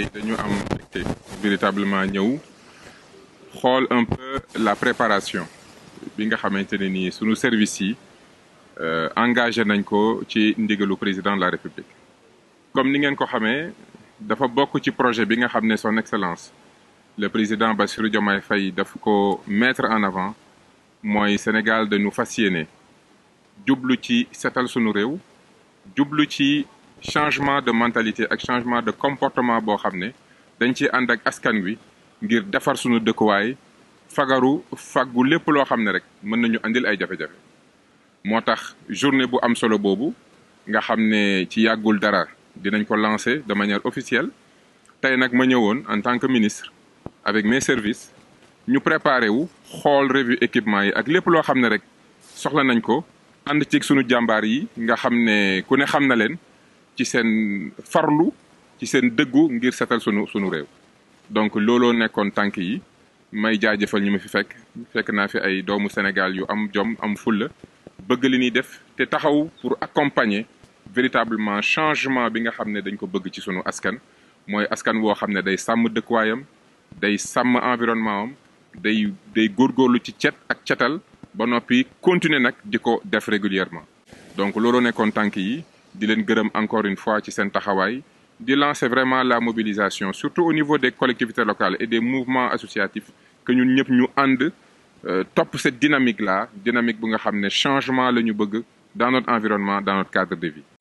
tey dañu am mbégte véritablement ñëw xool un peu la préparation bi nga xamante ne nii sunu service yi euh, engagé nañ ko ci ndigalu président de la république comme ni ngeen ko xamee dafa bokk ci projet bi nga xam ne son excellence le président Bassirou Diomaye fay daf ko mettre en avant mooy Sénégal dañu fas yéene jublu ci setal sunu réew jublu ci changement de mentalité ak changement de comportement boo xam ne dañ ci ànd ak askan wi ngir defar suñu dëkkuwaay fagaru faggu lépp loo xam ne rek mën nañu andil ay jafe-jafe moo tax journée bu am solo boobu nga xam ne ci yàggul dara dinañ ko lancer de manière officielle tey nag ma ñëwoon en tant que ministre avec mes services ñu préparé wu xool revue équipement yi ak lépp loo xam ne rek soxla nañ ko ànd ci sunu jàmbaar yi nga xam ne ku ne xam na leen ci seen farlu ci seen dëggu ngir setal sunu sunu réew donc looloo nekkoon tànk yi may jaajëfal ñu ma fi fekk fekk naa fi ay doomu Sénégal yu am jom am fulla bëgg li ñuy def te taxaw pour accompagner véritablement changement bi nga xam ne dañ ko bëgg ci sunu askan mooy askan woo xam ne day sàmm dëkkuwaayam day sàmm environnement am day góor góorlu ci cet ak cetal ba noppi continuer nag di ko def régulièrement donc looloo nekkoon tànk yi di leen gërëm encore une fois ci seen taxawaay di lancer vraiment la mobilisation surtout au niveau des collectivités locales et des mouvements associatifs que ñun ñëpp ñu ànd euh, topp cette dynamique là dynamique bu nga xam ne changement la ñu bëgg dans notre environnement dans notre cadre de vie